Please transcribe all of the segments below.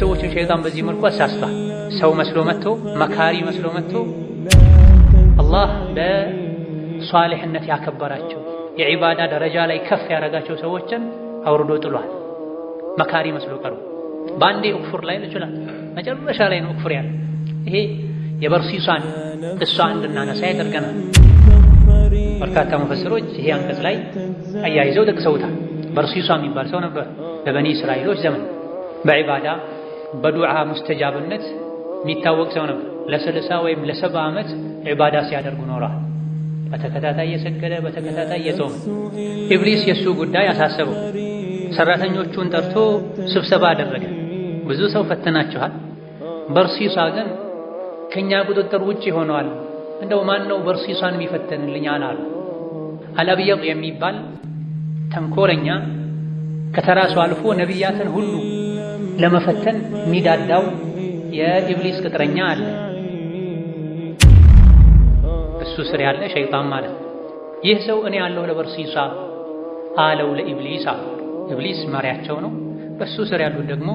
ሰዎችን ሸይጣን በዚህ መልኩ አሳስቷል። ሰው መስሎ መጥቶ መካሪ መስሎ መጥቶ አላህ ለሷሊሕነት ያከበራቸው የዒባዳ ደረጃ ላይ ከፍ ያደረጋቸው ሰዎችን አውርዶ ጥሏል። መካሪ መስሎ ቀሩ። በአንዴ እኩፍር ላይ ይችላል፣ መጨረሻ ላይ ነው እኩፍር ያለ። ይሄ የበርሲሷን እሷ እንድናነሳ ያደርገናል። በርካታ መፈስሮች ይሄ አንቀጽ ላይ አያይዘው ጠቅሰውታል። በርሲሷ የሚባል ሰው ነበር በበኒ እስራኤሎች ዘመን በዒባዳ በዱዓ ሙስተጃብነት የሚታወቅ ሰው ነበር። ለስልሳ ወይም ለሰባ ዓመት ዒባዳ ሲያደርጉ ኖሯል። በተከታታይ እየሰገደ በተከታታይ እየጾመ። ኢብሊስ የእሱ ጉዳይ አሳሰበው። ሰራተኞቹን ጠርቶ ስብሰባ አደረገ። ብዙ ሰው ፈተናችኋል፣ በርሲሷ ግን ከእኛ ቁጥጥር ውጭ ሆነዋል። እንደው ማን ነው በርሲሳን የሚፈተንልኝ አላሉ። አልአብየቅ የሚባል ተንኮለኛ ከተራሱ አልፎ ነቢያትን ሁሉ ለመፈተን የሚዳዳው የኢብሊስ ቅጥረኛ አለ። እሱ ስር ያለ ሸይጣን ማለት ነው። ይህ ሰው እኔ ያለው ለበርሲሳ አለው ለኢብሊሳ ኢብሊስ መሪያቸው ነው። በሱ ስር ያሉት ደግሞ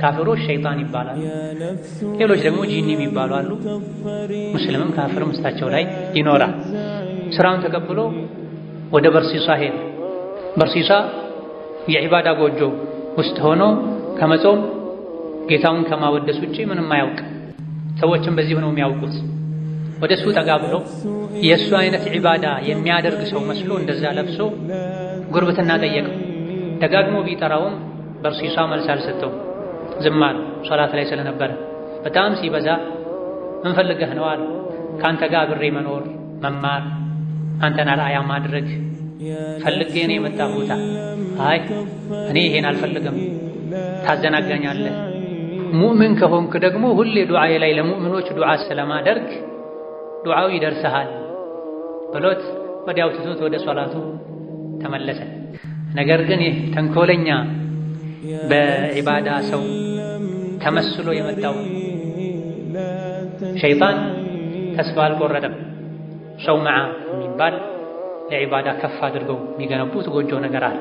ካፍሮች ሸይጣን ይባላሉ። ሌሎች ደግሞ ጂኒ የሚባሉ አሉ። ሙስልምም ካፍር ምስታቸው ላይ ይኖራል። ስራውን ተቀብሎ ወደ በርሲሳ ሄደ። በርሲሳ የዒባዳ ጎጆ ውስጥ ሆኖ ከመጾም ጌታውን ከማወደስ ውጪ ምንም አያውቅ። ሰዎችም በዚህ ነው የሚያውቁት። ወደ እሱ ጠጋ ብሎ የእሱ አይነት ዒባዳ የሚያደርግ ሰው መስሎ እንደዛ ለብሶ ጉርብትና ጠየቀው። ደጋግሞ ቢጠራውም በርሲሳ መልስ አልሰጠው፣ ዝም አለ። ሶላት ላይ ስለነበረ በጣም ሲበዛ እንፈልገህ ነው አለ። ከአንተ ጋር አብሬ መኖር፣ መማር፣ አንተን አርአያ ማድረግ ፈልጌ ነው ቦታ አይ እኔ ይሄን አልፈልግም ታዘናጋኛለህ። ሙእምን ከሆንክ ደግሞ ሁሌ ዱዓዬ ላይ ለሙእምኖች ዱዓ ስለማደርግ ዱዓው ይደርስሃል ብሎት ወዲያው ትቶት ወደ ሶላቱ ተመለሰ። ነገር ግን ይህ ተንኮለኛ በዒባዳ ሰው ተመስሎ የመጣው ሸይጣን ተስፋ አልቆረጠም። ሰው መዓ የሚባል ለዒባዳ ከፍ አድርገው የሚገነቡት ጎጆ ነገር አለ።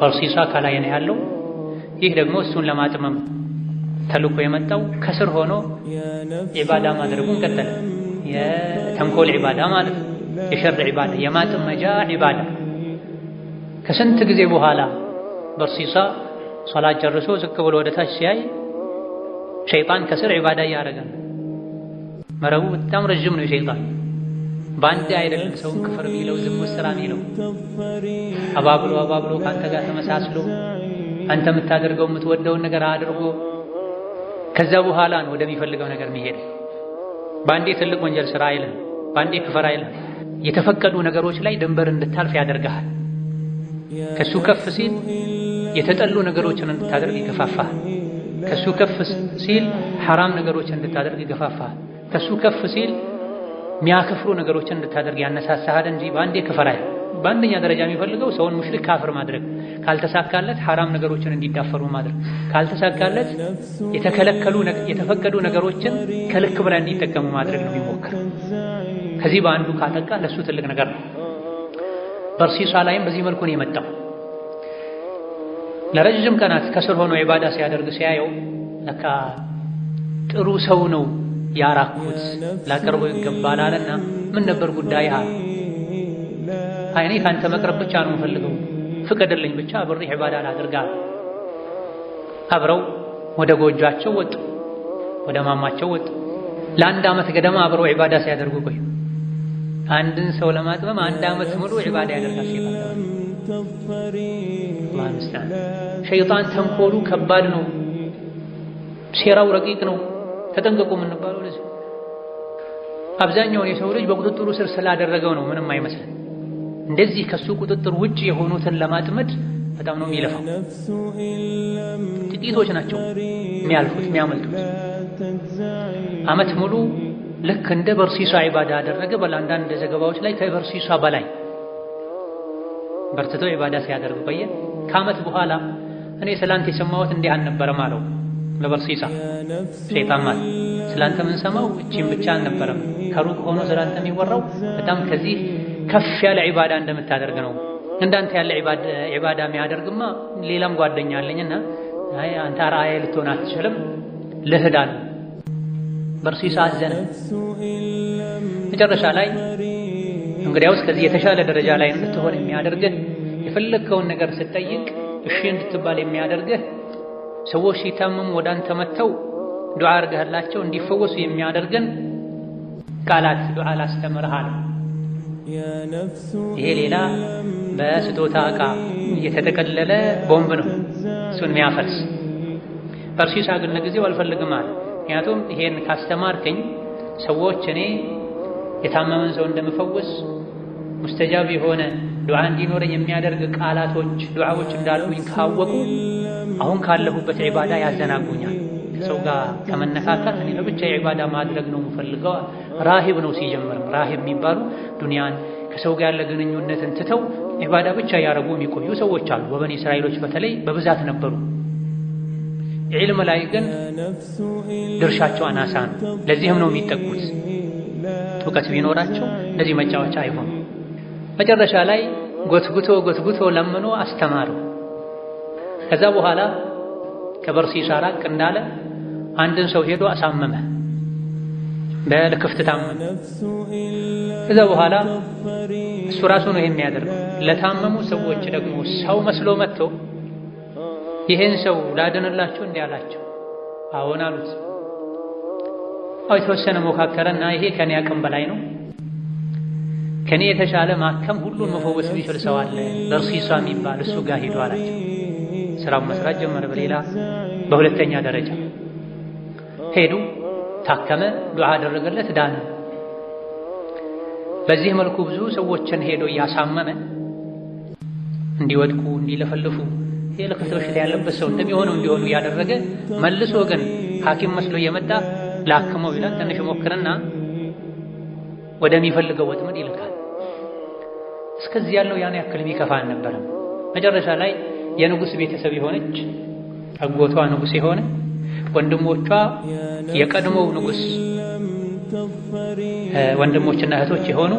በርሲሷ ከላይ ነው ያለው ይህ ደግሞ እሱን ለማጥመም ተልኮ የመጣው ከስር ሆኖ ዒባዳ ማድረጉን ቀጠለ። የተንኮል ዒባዳ ማለት ነው። የሸር ዒባዳ፣ የማጥመጃ ዒባዳ። ከስንት ጊዜ በኋላ በርሲሳ ሶላት ጨርሶ ዝቅ ብሎ ወደ ታች ሲያይ ሸይጣን ከስር ዒባዳ እያደረገ ነው። መረቡ በጣም ረዥም ነው። ሸይጣን በአንድ አይደለም ሰውን ክፍር የሚለው ዝሙት ስራ የሚለው አባብሎ አባብሎ ከአንተ ጋር ተመሳስሎ አንተ የምታደርገው የምትወደውን ነገር አድርጎ ከዛ በኋላ ነው ወደሚፈልገው ነገር የሚሄድ። በአንዴ ትልቅ ወንጀል ስራ አይልም፣ በአንዴ ክፈር አይልም። የተፈቀዱ ነገሮች ላይ ድንበር እንድታልፍ ያደርግሃል። ከሱ ከፍ ሲል የተጠሉ ነገሮችን እንድታደርግ ይገፋፋሃል። ከሱ ከፍ ሲል ሐራም ነገሮችን እንድታደርግ ይገፋፋሃል። ከሱ ከፍ ሲል የሚያከፍሩ ነገሮችን እንድታደርግ ያነሳሳሃል እንጂ በአንዴ ክፈር አይልም። በአንደኛ ደረጃ የሚፈልገው ሰውን ሙሽሪክ ካፍር ማድረግ ካልተሳካለት ሐራም ነገሮችን እንዲዳፈሩ ማድረግ፣ ካልተሳካለት የተከለከሉ የተፈቀዱ ነገሮችን ከልክ በላይ እንዲጠቀሙ ማድረግ ነው የሚሞክር። ከዚህ በአንዱ ካጠቃ ለሱ ትልቅ ነገር ነው። በርሲሳ ላይም በዚህ መልኩ ነው የመጣው። ለረጅም ቀናት ከስር ሆኖ ኢባዳ ሲያደርግ ሲያየው ለካ ጥሩ ሰው ነው ያራኩት ላቀርቦ ይገባል አለና ምን ነበር ጉዳይ? አይ አይኔ ካንተ መቅረብ ብቻ ነው የምፈልገው ፍቀድልኝ ብቻ አብሬ ዒባዳ አድርጋ አብረው ወደ ጎጇቸው ወጡ፣ ወደ ማማቸው ወጡ። ለአንድ ዓመት ገደማ አብረው ዒባዳ ሲያደርጉ ቆዩ። አንድን ሰው ለማጥበም አንድ ዓመት ሙሉ ዒባዳ ያደርጋል ሸይጣን። ሸይጣን ተንኮሉ ከባድ ነው፣ ሴራው ረቂቅ ነው። ተጠንቀቁ የምንባለው ለዚህ አብዛኛውን የሰው ልጅ በቁጥጥሩ ስር ስላደረገው ነው። ምንም አይመስልም። እንደዚህ ከሱ ቁጥጥር ውጭ የሆኑትን ለማጥመድ በጣም ነው የሚለፋው። ጥቂቶች ናቸው የሚያልፉት የሚያመልጡት። አመት ሙሉ ልክ እንደ በርሲሷ ኢባዳ ያደረገ በአንዳንድ ዘገባዎች ላይ ከበርሲሷ በላይ በርትቶ ኢባዳ ሲያደርግ በየ ከአመት በኋላ እኔ ስላንተ የሰማሁት እንዲህ አልነበረም አለው ለበርሲሳ ሸይጣን ማለት ስላንተ ምን ሰማው እቺም ብቻ አልነበረም፣ ከሩቅ ሆኖ ስላንተ የሚወራው በጣም ከዚህ ከፍ ያለ ዒባዳ እንደምታደርግ ነው። እንዳንተ ያለ ዒባዳ የሚያደርግማ ሌላም ጓደኛ አለኝና አይ አንተ አርአያ ልትሆን አትችልም፣ ልህዳል በእርሱ ይሳዘነ። መጨረሻ ላይ እንግዲያውስ ከዚህ የተሻለ ደረጃ ላይ እንድትሆን የሚያደርግህ የፈለግከውን ነገር ስትጠይቅ እሺ እንድትባል የሚያደርግህ ሰዎች ሲታመሙ ወደ አንተ መጥተው ዱዓ አድርገህላቸው እንዲፈወሱ የሚያደርግን ቃላት ዱዓ ላስተምርሃል ይሄ ሌላ በስጦታ ዕቃ የተጠቀለለ ቦምብ ነው፣ እሱን የሚያፈርስ ፈርሲ ሳግነ ለጊዜው አልፈልግም አለ። ምክንያቱም ይሄን ካስተማርከኝ ሰዎች እኔ የታመመን ሰው እንደምፈውስ ሙስተጃብ የሆነ ዱዓ እንዲኖረኝ የሚያደርግ ቃላቶች፣ ዱዓዎች እንዳሉኝ ካወቁ አሁን ካለሁበት ዒባዳ ያዘናጉኛል። ከሰው ጋር ከመነካካት እኔ ለብቻ የዒባዳ ማድረግ ነው የምፈልገው ራሂብ ነው ሲጀምርም። ራሂብ የሚባሉ ዱንያን ከሰው ጋር ያለ ግንኙነትን ትተው ኢባዳ ብቻ ያረጉ የሚቆዩ ሰዎች አሉ። በበኒ እስራኤሎች በተለይ በብዛት ነበሩ። ዒልም ላይ ግን ድርሻቸው አናሳ ነው። ለዚህም ነው የሚጠቁት። እውቀት ቢኖራቸው እንደዚህ መጫወቻ አይሆኑ። መጨረሻ ላይ ጎትጉቶ ጎትጉቶ ለምኖ አስተማረው። ከዛ በኋላ ከበርሲሳ ራቅ እንዳለ አንድን ሰው ሄዶ አሳመመ። በልክፍትታም ከዛ በኋላ እሱ ራሱ ነው የሚያደርገው። ለታመሙ ሰዎች ደግሞ ሰው መስሎ መጥቶ ይሄን ሰው ላድንላቸው እንዲህ አላቸው። አዎን አሉት። አው የተወሰነ ሞካከረና ይሄ ከኔ አቅም በላይ ነው፣ ከኔ የተሻለ ማከም ሁሉን መፈወስ የሚችል ሰው አለ በርሲሳ የሚባል እሱ ጋር ሂዱ አላቸው። ስራውን መስራት ጀመረ። በሌላ በሁለተኛ ደረጃ ሄዱ። ታከመ፣ ዱዓ አደረገለት፣ ዳነ። በዚህ መልኩ ብዙ ሰዎችን ሄዶ እያሳመመ እንዲወድቁ እንዲለፈልፉ የልክፍት በሽታ ያለበት ሰው እንደሚሆነው እንዲሆኑ እያደረገ መልሶ ግን ሐኪም መስሎ እየመጣ ላክመው ይላል። ትንሽ ሞክርና ወደሚፈልገው ወጥመድ ይልካል። እስከዚህ ያለው ያን ያክል የሚከፋ አልነበረም። መጨረሻ ላይ የንጉሥ ቤተሰብ የሆነች አጎቷ ንጉሥ የሆነ ወንድሞቿ የቀድሞው ንጉሥ ወንድሞችና እህቶች የሆኑ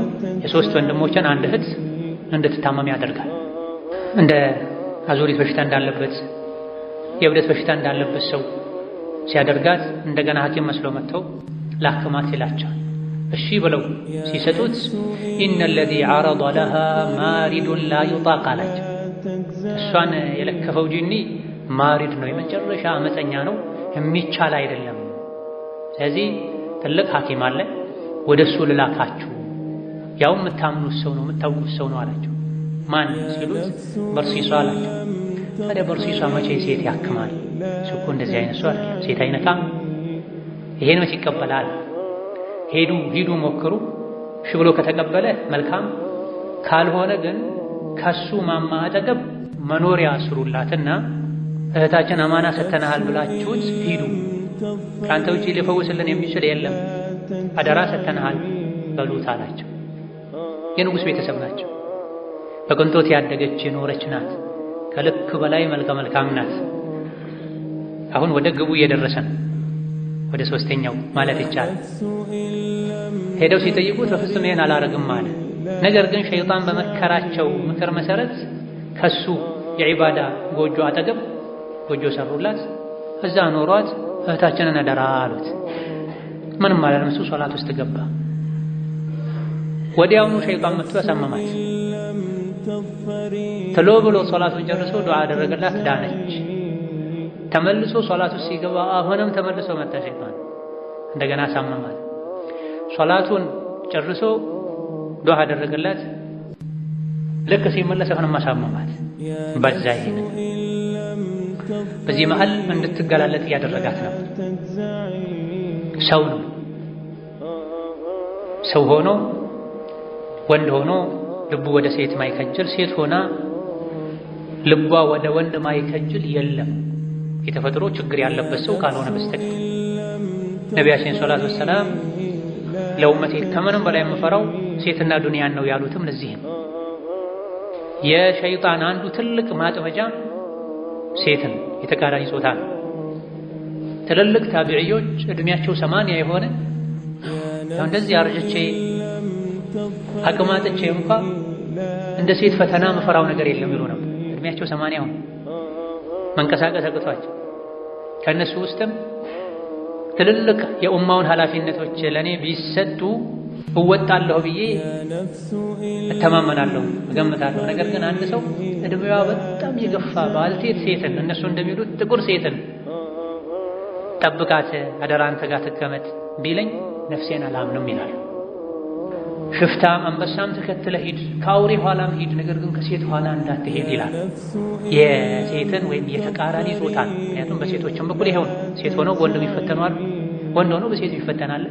የሶስት ወንድሞችን አንድ እህት እንድትታመም ያደርጋል። እንደ አዙሪት በሽታ እንዳለበት የእብደት በሽታ እንዳለበት ሰው ሲያደርጋት እንደገና ሐኪም መስሎ መጥተው ላክማት ይላቸዋል። እሺ ብለው ሲሰጡት ኢነ ለዚ ዓረض ለሃ ማሪዱን ላ ዩጣቅ አላቸው። እሷን የለከፈው ጂኒ ማሪድ ነው፣ የመጨረሻ አመፀኛ ነው የሚቻል አይደለም። ስለዚህ ትልቅ ሐኪም አለ፣ ወደ እሱ ልላካችሁ፣ ያው የምታምኑት ሰው ነው የምታውቁት ሰው ነው አላቸው። ማን ሲሉት በርሲሷ አላቸው። ታዲያ በርሲሷ መቼ ሴት ያክማል? እሱ እንደዚህ አይነት ሰው አይደለም፣ ሴት አይነካም። ይሄን መቼ ይቀበላል? ሄዱ ሂዱ ሞክሩ። እሺ ብሎ ከተቀበለ መልካም፣ ካልሆነ ግን ከሱ ማማ አጠገብ መኖሪያ ስሩላትና እህታችን አማና ሰተናሃል ብላችሁት ሂዱ፣ ከአንተ ውጪ ሊፈውስልን የሚችል የለም፣ አደራ ሰተናሃል በሉት አላቸው። የንጉሥ ቤተሰብ ናቸው። በቅንጦት ያደገች የኖረች ናት። ከልክ በላይ መልከ መልካም ናት። አሁን ወደ ግቡ እየደረሰ ነው። ወደ ሶስተኛው ማለት ይቻላል። ሄደው ሲጠይቁት በፍጹም ይሄን አላረግም አለ። ነገር ግን ሸይጣን በመከራቸው ምክር መሰረት ከሱ የዒባዳ ጎጆ አጠገብ ጎጆ ሰሩላት፣ እዛ ኖሯት እህታችንን አደራ አሉት። ምንም አላለም። እሱ ሶላት ውስጥ ገባ። ወዲያውኑ ሸይጣን መጥቶ ያሳመማት። ተሎ ብሎ ሶላቱን ጨርሶ ዱዓ አደረገላት፣ ዳነች። ተመልሶ ሶላት ውስጥ ሲገባ አሁንም ተመልሶ መጣ ሸይጣን፣ እንደገና አሳመማት። ሶላቱን ጨርሶ ዱዓ አደረገላት፣ ልክ ሲመለስ አሁንም አሳመማት። በዛ ይሄን በዚህ መሃል እንድትገላለጥ እያደረጋት ነው። ሰው ነው። ሰው ሆኖ ወንድ ሆኖ ልቡ ወደ ሴት ማይከጅል፣ ሴት ሆና ልቧ ወደ ወንድ ማይከጅል የለም የተፈጥሮ ችግር ያለበት ሰው ካልሆነ በስተቀር። ነቢያችን ሰለላሁ ዐለይሂ ወሰለም ከምንም በላይ የምፈራው ሴትና ዱንያን ነው ያሉትም ለዚህ ነው። የሸይጣን አንዱ ትልቅ ማጥመጃ ሴትን የተቃራኒ ጾታ ነው። ትልልቅ ታቢዕዮች እድሜያቸው ሰማንያ የሆነ እንደዚህ አርጅቼ አቅማጥቼ እንኳ እንደ ሴት ፈተና መፈራው ነገር የለም ይሉ ነው። እድሜያቸው ሰማንያ ሆነ መንቀሳቀስ አቅቷቸው ከእነሱ ውስጥም ትልልቅ የኡማውን ኃላፊነቶች ለእኔ ቢሰጡ እወጣለሁ ብዬ እተማመናለሁ፣ እገምታለሁ። ነገር ግን አንድ ሰው እድሜዋ በጣም የገፋ ባልቴት ሴትን እነሱ እንደሚሉት ጥቁር ሴትን ጠብቃት፣ አደራ አንተ ጋር ትቀመጥ ቢለኝ ነፍሴን አላምንም ይላል። ሽፍታም አንበሳም ተከትለ ሂድ፣ ከአውሬ ኋላም ሂድ፣ ነገር ግን ከሴት ኋላ እንዳትሄድ ይላል። የሴትን ወይም የተቃራኒ ጾታን ምክንያቱም በሴቶችም በኩል ይኸውን ሴት ሆነው በወንድም ይፈተናሉ፣ ወንድ ሆነው በሴት ይፈተናል።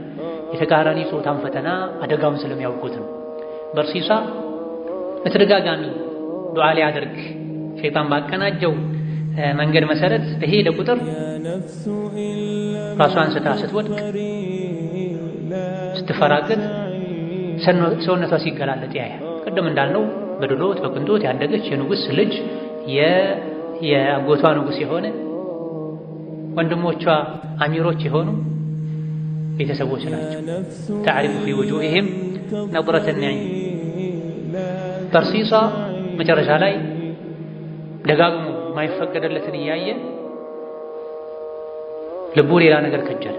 የተቃራኒ ጾታን ፈተና አደጋውን ስለሚያውቁት ነው። በርሲሳ በተደጋጋሚ ዱዓ ሊያደርግ ሸይጣን ባቀናጀው መንገድ መሰረት በሄደ ቁጥር ራሷን ስታ ስትወድቅ፣ ስትፈራገጥ፣ ሰውነቷ ሲገላለጥ ያያል። ቅድም እንዳልነው በድሎት በቅንጦት ያደገች የንጉስ ልጅ የአጎቷ ንጉስ የሆነ ወንድሞቿ አሚሮች የሆኑ يتسوس ناتج تعرف في وجوههم نظرة النعيم ترصيصة مترجع لي لقاقم ما يفقد اللتنية لبوري لا نقر كجر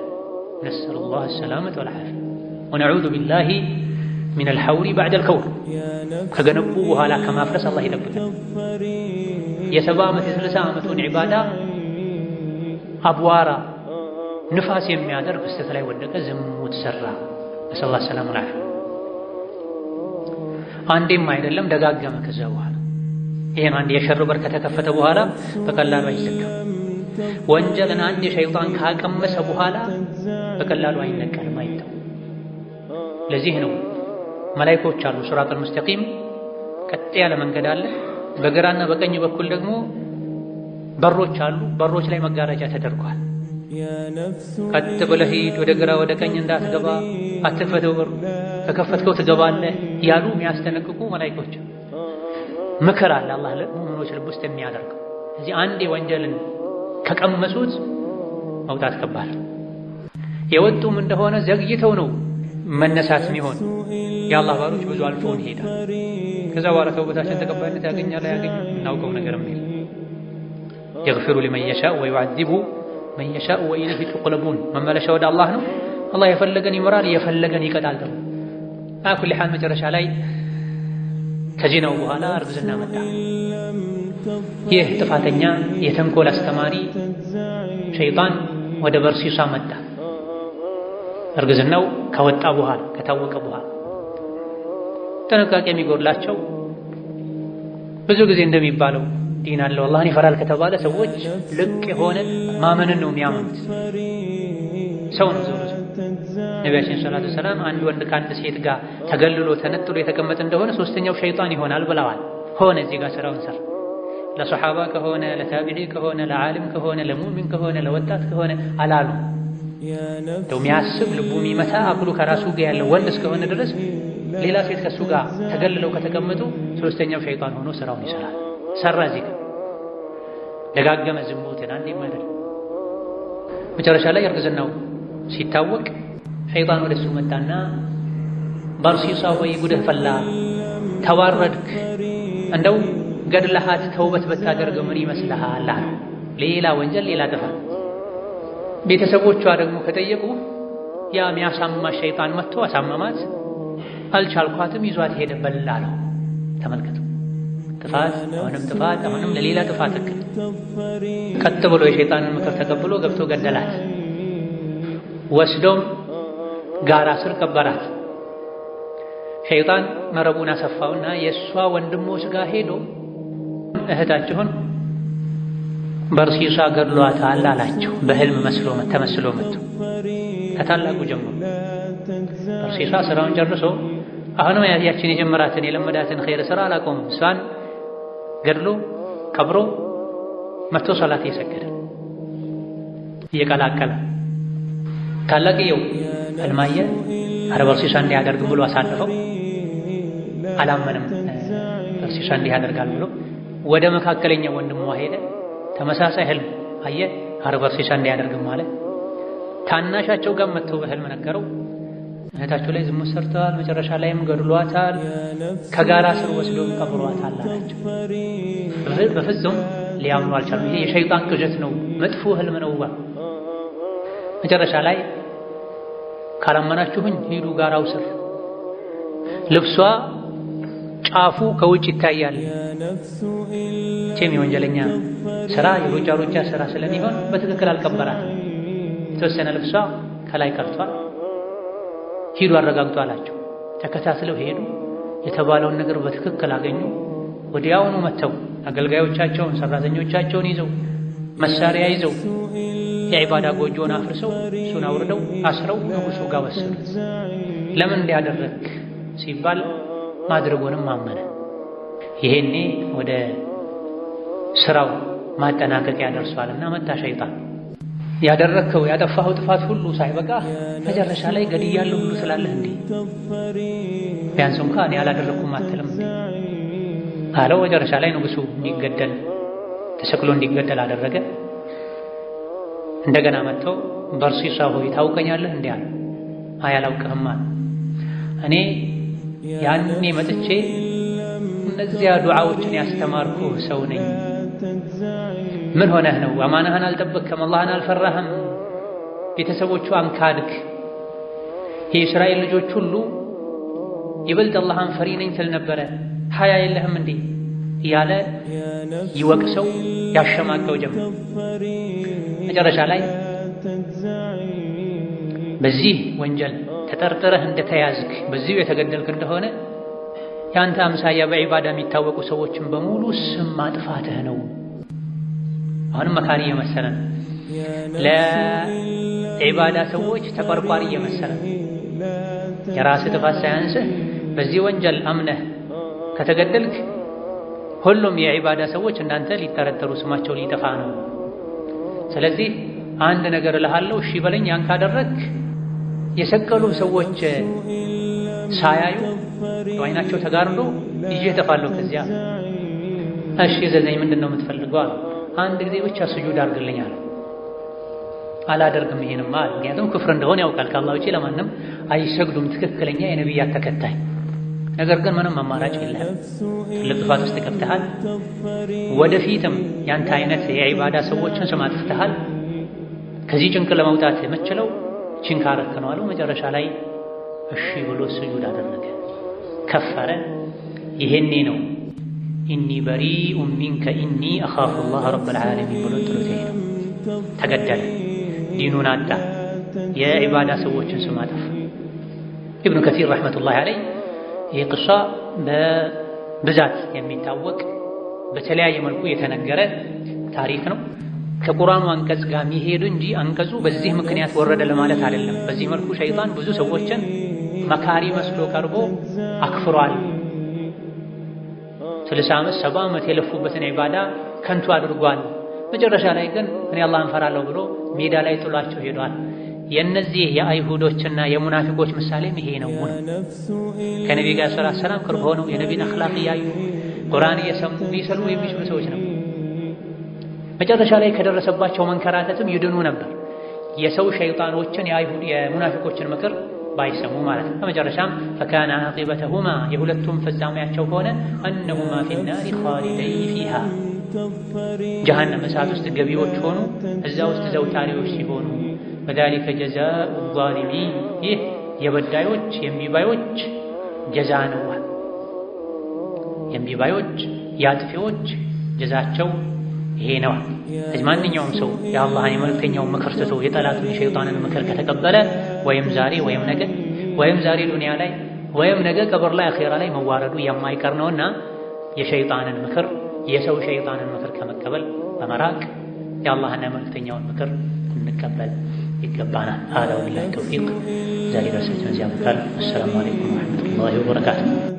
نسأل الله السلامة والعافية ونعوذ بالله من الحور بعد الكون كجنبوها لا كما فرس الله يدبر يا سبامة ثلاثة عبادة أبوارا ንፋስ የሚያደርግ ስተት ላይ ወደቀ፣ ዝሙት ሰራ። ነሰላ ሰላሙ አለ። አንዴም አይደለም ደጋገመ። ከዛ በኋላ ይሄን አንድ የሸር በር ከተከፈተ በኋላ በቀላሉ አይዘጋም። ወንጀልን አንድ የሸይጣን ካቀመሰ በኋላ በቀላሉ አይነቀልም፣ አይተው። ለዚህ ነው መላይኮች አሉ። ሱራቱል ሙስተቂም ቀጥ ያለ መንገድ አለ። በግራና በቀኝ በኩል ደግሞ በሮች አሉ። በሮች ላይ መጋረጃ ተደርጓል። ቀጥ ብለህ ሂድ፣ ወደ ግራ ወደ ቀኝ እንዳትገባ፣ አትክፈተው በሩ ከከፈትከው ትገባለህ ያሉ የሚያስጠነቅቁ መላኢኮች ምክር አለ አላህ ለሙእሚኖች ልብ ውስጥ የሚያደርገው። እዚህ አንዴ ወንጀልን ከቀመሱት መውጣት ከባድ። የወጡም እንደሆነ ዘግይተው ነው መነሳት የሚሆን የአላህ ባሮች ብዙ አልፎን ይሄዳል። ከዛ በኋላ ተውበታችን ተቀባይነት ያገኛል አያገኝም እናውቀው ነገርም የለም። የግፊሩ ሊመን የሻእ ወዩዓዚቡ መየሻኡ ወኢለይሂ ቱቅለቡን መመለሻ ወደ አላህ ነው። አላህ የፈለገን ይመራል፣ የፈለገን ይቀጣል። ደግሞ አኩል ሐል መጨረሻ ላይ ከዜናው በኋላ እርግዝና መጣ። ይህ ጥፋተኛ የተንኮል አስተማሪ ሸይጣን ወደ በርሲሷ መጣ። እርግዝናው ከወጣ በኋላ ከታወቀ በኋላ ጥንቃቄ የሚጎድላቸው ብዙ ጊዜ እንደሚባለው ዲን አለው አላህን ይፈራል ከተባለ ሰዎች ልቅ የሆነ ማመንን ነው የሚያምኑት። ሰው ነው ሰው ነቢያችን ሰላቱ ሰላም አንድ ወንድ ከአንድ ሴት ጋር ተገልሎ ተነጥሎ የተቀመጠ እንደሆነ ሶስተኛው ሸይጣን ይሆናል ብለዋል። ሆነ እዚህ ጋር ስራውን ሰራ። ለሶሓባ ከሆነ ለታቢዒ ከሆነ ለዓሊም ከሆነ ለሙእሚን ከሆነ ለወጣት ከሆነ አላሉ። እንደው የሚያስብ ልቡ የሚመታ አቅሉ ከራሱ ጋር ያለው ወንድ እስከሆነ ድረስ ሌላ ሴት ከሱ ጋር ተገልለው ከተቀመጡ ሶስተኛው ሸይጣን ሆኖ ስራውን ይሰራል። ሰራ። እዚህ ጋር ደጋገመ ዝሙትን አንድ ይማደል። መጨረሻ ላይ እርግዝናው ሲታወቅ ሸይጣን ወደሱ መጣና ባርሲሳ ሆይ ጉድህ ፈላ፣ ተዋረድክ፣ እንደው ገድለሃት ተውበት በታደርገው ምን ይመስልሃል? ሌላ ወንጀል፣ ሌላ ጥፋት። ቤተሰቦቿ ደግሞ ከጠየቁ ያ የሚያሳማ ሸይጣን መጥቶ አሳመማት፣ አልቻልኳትም፣ ይዟት ሄደ በላ አለው። ተመልከቱ። ጥፋት አሁንም ጥፋት አሁንም ለሌላ ጥፋት እክል ቀጥ ብሎ የሸይጣንን ምክር ተቀብሎ ገብቶ ገደላት። ወስዶም ጋራ ስር ቀበራት። ሸይጣን መረቡን አሰፋውና የእሷ ወንድሞች ጋር ሄዶ እህታችሁን በርሲሳ ገድሏታል አላቸው። በህልም መስሎ ተመስሎ መጥቶ ከታላቁ ጀምሮ በርሲሳ ስራውን ጨርሶ አሁንም ያችን የጀመራትን የለመዳትን ኸይር ስራ አላቆምም። እሷን ገድሎ ቀብሮ መቶ ሰላት እየሰገደ እየቀላቀለ ታላቅየው አልማየ ኧረ በርሲሳ እንዲህ ያደርግም ብሎ አሳልፈው አላመንም። በርሲሳ እንዲህ ያደርጋል ብሎ ወደ መካከለኛ ወንድሟ ሄደ። ተመሳሳይ ህልም አየ። ኧረ በርሲሳ እንዲህ ያደርግም አለ። ታናሻቸው ጋር መተው በህልም ነገረው። እህታቸው ላይ ዝሙት ሰርተዋል፣ መጨረሻ ላይም ገድሏታል፣ ከጋራ ስር ወስዶ ቀብሯታል አላቸው። በፍጹም ሊያምኑ አልቻሉም። ይሄ የሸይጣን ቅዠት ነው፣ መጥፎ ህልም ነው። መጨረሻ ላይ ካላመናችሁኝ ሂዱ ጋራው ስር፣ ልብሷ ጫፉ ከውጭ ይታያል። ቼም የወንጀለኛ ስራ የሩጫ ሩጫ ስራ ስለሚሆን በትክክል አልቀበራት። የተወሰነ ልብሷ ከላይ ቀርቷል። ሂዱ አረጋግጡ አላቸው። ተከታትለው ሄዱ። የተባለውን ነገር በትክክል አገኙ። ወዲያውኑ መጥተው አገልጋዮቻቸውን፣ ሰራተኞቻቸውን ይዘው መሳሪያ ይዘው የዒባዳ ጎጆን አፍርሰው እሱን አውርደው አስረው ንጉሱ ጋር ወሰዱ። ለምን እንዲያደረግ ሲባል ማድረጉንም አመነ። ይሄኔ ወደ ስራው ማጠናቀቂያ ደርሷልና መጣ ሸይጣን። ያደረግከው ያጠፋኸው ጥፋት ሁሉ ሳይበቃ መጨረሻ ላይ ገድያለሁ ሁሉ ስላለህ እንዲ ቢያንስ እንኳ እኔ አላደረግኩም አትልም አለው። መጨረሻ ላይ ንጉሱ እንዲገደል ተሰቅሎ እንዲገደል አደረገ። እንደገና መጥተው በርሲሳ ሆይ ታውቀኛለህ? እንዲህ አለ። አይ አላውቅህም አለ። እኔ ያኔ መጥቼ እነዚያ ዱዓዎችን ያስተማርኩ ሰው ነኝ ምን ሆነህ ነው? አማናህን አልጠበቅከም፣ አላህን አልፈራህም፣ ቤተሰቦቹ ካድክ። የእስራኤል ልጆች ሁሉ ይበልጥ አላህን ፈሪ ነኝ ትል ነበረ። ሀያ የለህም እንዴ እያለ ይወቅሰው ያሸማቀው ጀመር። መጨረሻ ላይ በዚህ ወንጀል ተጠርጥረህ እንደተያዝክ በዚሁ የተገደልክ እንደሆነ የአንተ አምሳያ በዒባዳ የሚታወቁ ሰዎችን በሙሉ ስም ማጥፋትህ ነው አሁንም መካሪ እየመሰለ ነው። ለዒባዳ ሰዎች ተቆርቋሪ እየመሰለ ነው። የራስህ ጥፋት ሳያንስህ በዚህ ወንጀል አምነህ ከተገደልክ ሁሉም የዒባዳ ሰዎች እንዳንተ ሊጠረጠሩ ስማቸው ሊጠፋ ነው። ስለዚህ አንድ ነገር እልሃለሁ፣ እሺ በለኝ። ያን ካደረክ የሰቀሉ ሰዎች ሳያዩ በዓይናቸው ተጋርዶ ይዤ እጠፋለሁ። ከዚያ እሺ ዘዘኝ ምንድን ነው የምትፈልገው? አንድ ጊዜ ብቻ ስጁድ አድርግልኝ አለ። አላደርግም ይሄንም አለ። ምክንያቱም ክፍር እንደሆነ ያውቃል። ከአላህ ውጪ ለማንም አይሰግዱም። ትክክለኛ የነቢያት ተከታይ ነገር ግን ምንም አማራጭ የለም። ትልቅ ጥፋት ውስጥ ገብተሃል። ወደፊትም ያንተ አይነት የዒባዳ ሰዎችን ስም አጥፍተሃል። ከዚህ ጭንቅ ለመውጣት የምችለው ቺን ካረክ ነው አለው። መጨረሻ ላይ እሺ ብሎ ስጁድ አደረገ፣ ከፈረ። ይሄኔ ነው إني بريء منك إني أخاف الله رب العالمين بلوت رتين تقدل دين نادة يا عبادة سوّت سما تف ابن كثير رحمة الله عليه يقصى بذات يمي تاوك بتلاي ملكو يتنقر تاريخنا كقرآن وانكز قامي هيدون جي انكزو بزيه مكنيات ورد المالة على اللم بزيه ملكو شيطان بزو سوّت مكاري مسلو كربو أكفرالي ስልሳ ዓመት ሰባ ዓመት የለፉበትን ዒባዳ ከንቱ አድርጓል። መጨረሻ ላይ ግን እኔ አላህ እንፈራለሁ ብሎ ሜዳ ላይ ጥሏቸው ሄዷል። የእነዚህ የአይሁዶችና የሙናፊቆች ምሳሌም ይሄ ነው። ከነቢ ጋር ሰላት ሰላም ቅርብ ሆነው የነቢን አኽላቅ እያዩ ቁርአን እየሰሙ ሊሰልሙ የሚችሉ ሰዎች ነው። መጨረሻ ላይ ከደረሰባቸው መንከራተትም ይድኑ ነበር። የሰው ሸይጣኖችን የሙናፊቆችን ምክር ባይሰሙ ማለት ነው። በመጨረሻም ፈካነ አቂበተሁማ የሁለቱም ፍጻሜያቸው ከሆነ አነሁማ ፊናሪ ኻሊደይ ፊሃ ጀሃነም እሳት ውስጥ ገቢዎች ሆኑ እዛ ውስጥ ዘውታሪዎች ሲሆኑ ወዛሊከ ጀዛኡ ዛሊሚን ይህ የበዳዮች የሚባዮች ጀዛ ነው። የሚባዮች የአጥፊዎች ጀዛቸው ይሄ ነው። ማንኛውም ሰው የአላህን የመልእክተኛውን ምክር ትቶ የጠላቱን የሸይጣንን ምክር ከተቀበለ ወይም ዛሬ ወይም ነገ ወይም ዛሬ ዱንያ ላይ ወይም ነገ ቀብር ላይ አኼራ ላይ መዋረዱ የማይቀር ነውና የሸይጣንን ምክር የሰው ሸይጣንን ምክር ከመቀበል በመራቅ የአላህና መልተኛውን ምክር እንቀበል ይገባናል። አላ ወቢላሂ ተውፊቅ። ዛሬ ደርሳችን እዚህ ያበቃል። አሰላሙ አለይኩም ወረሕመቱላሂ ወበረካቱ።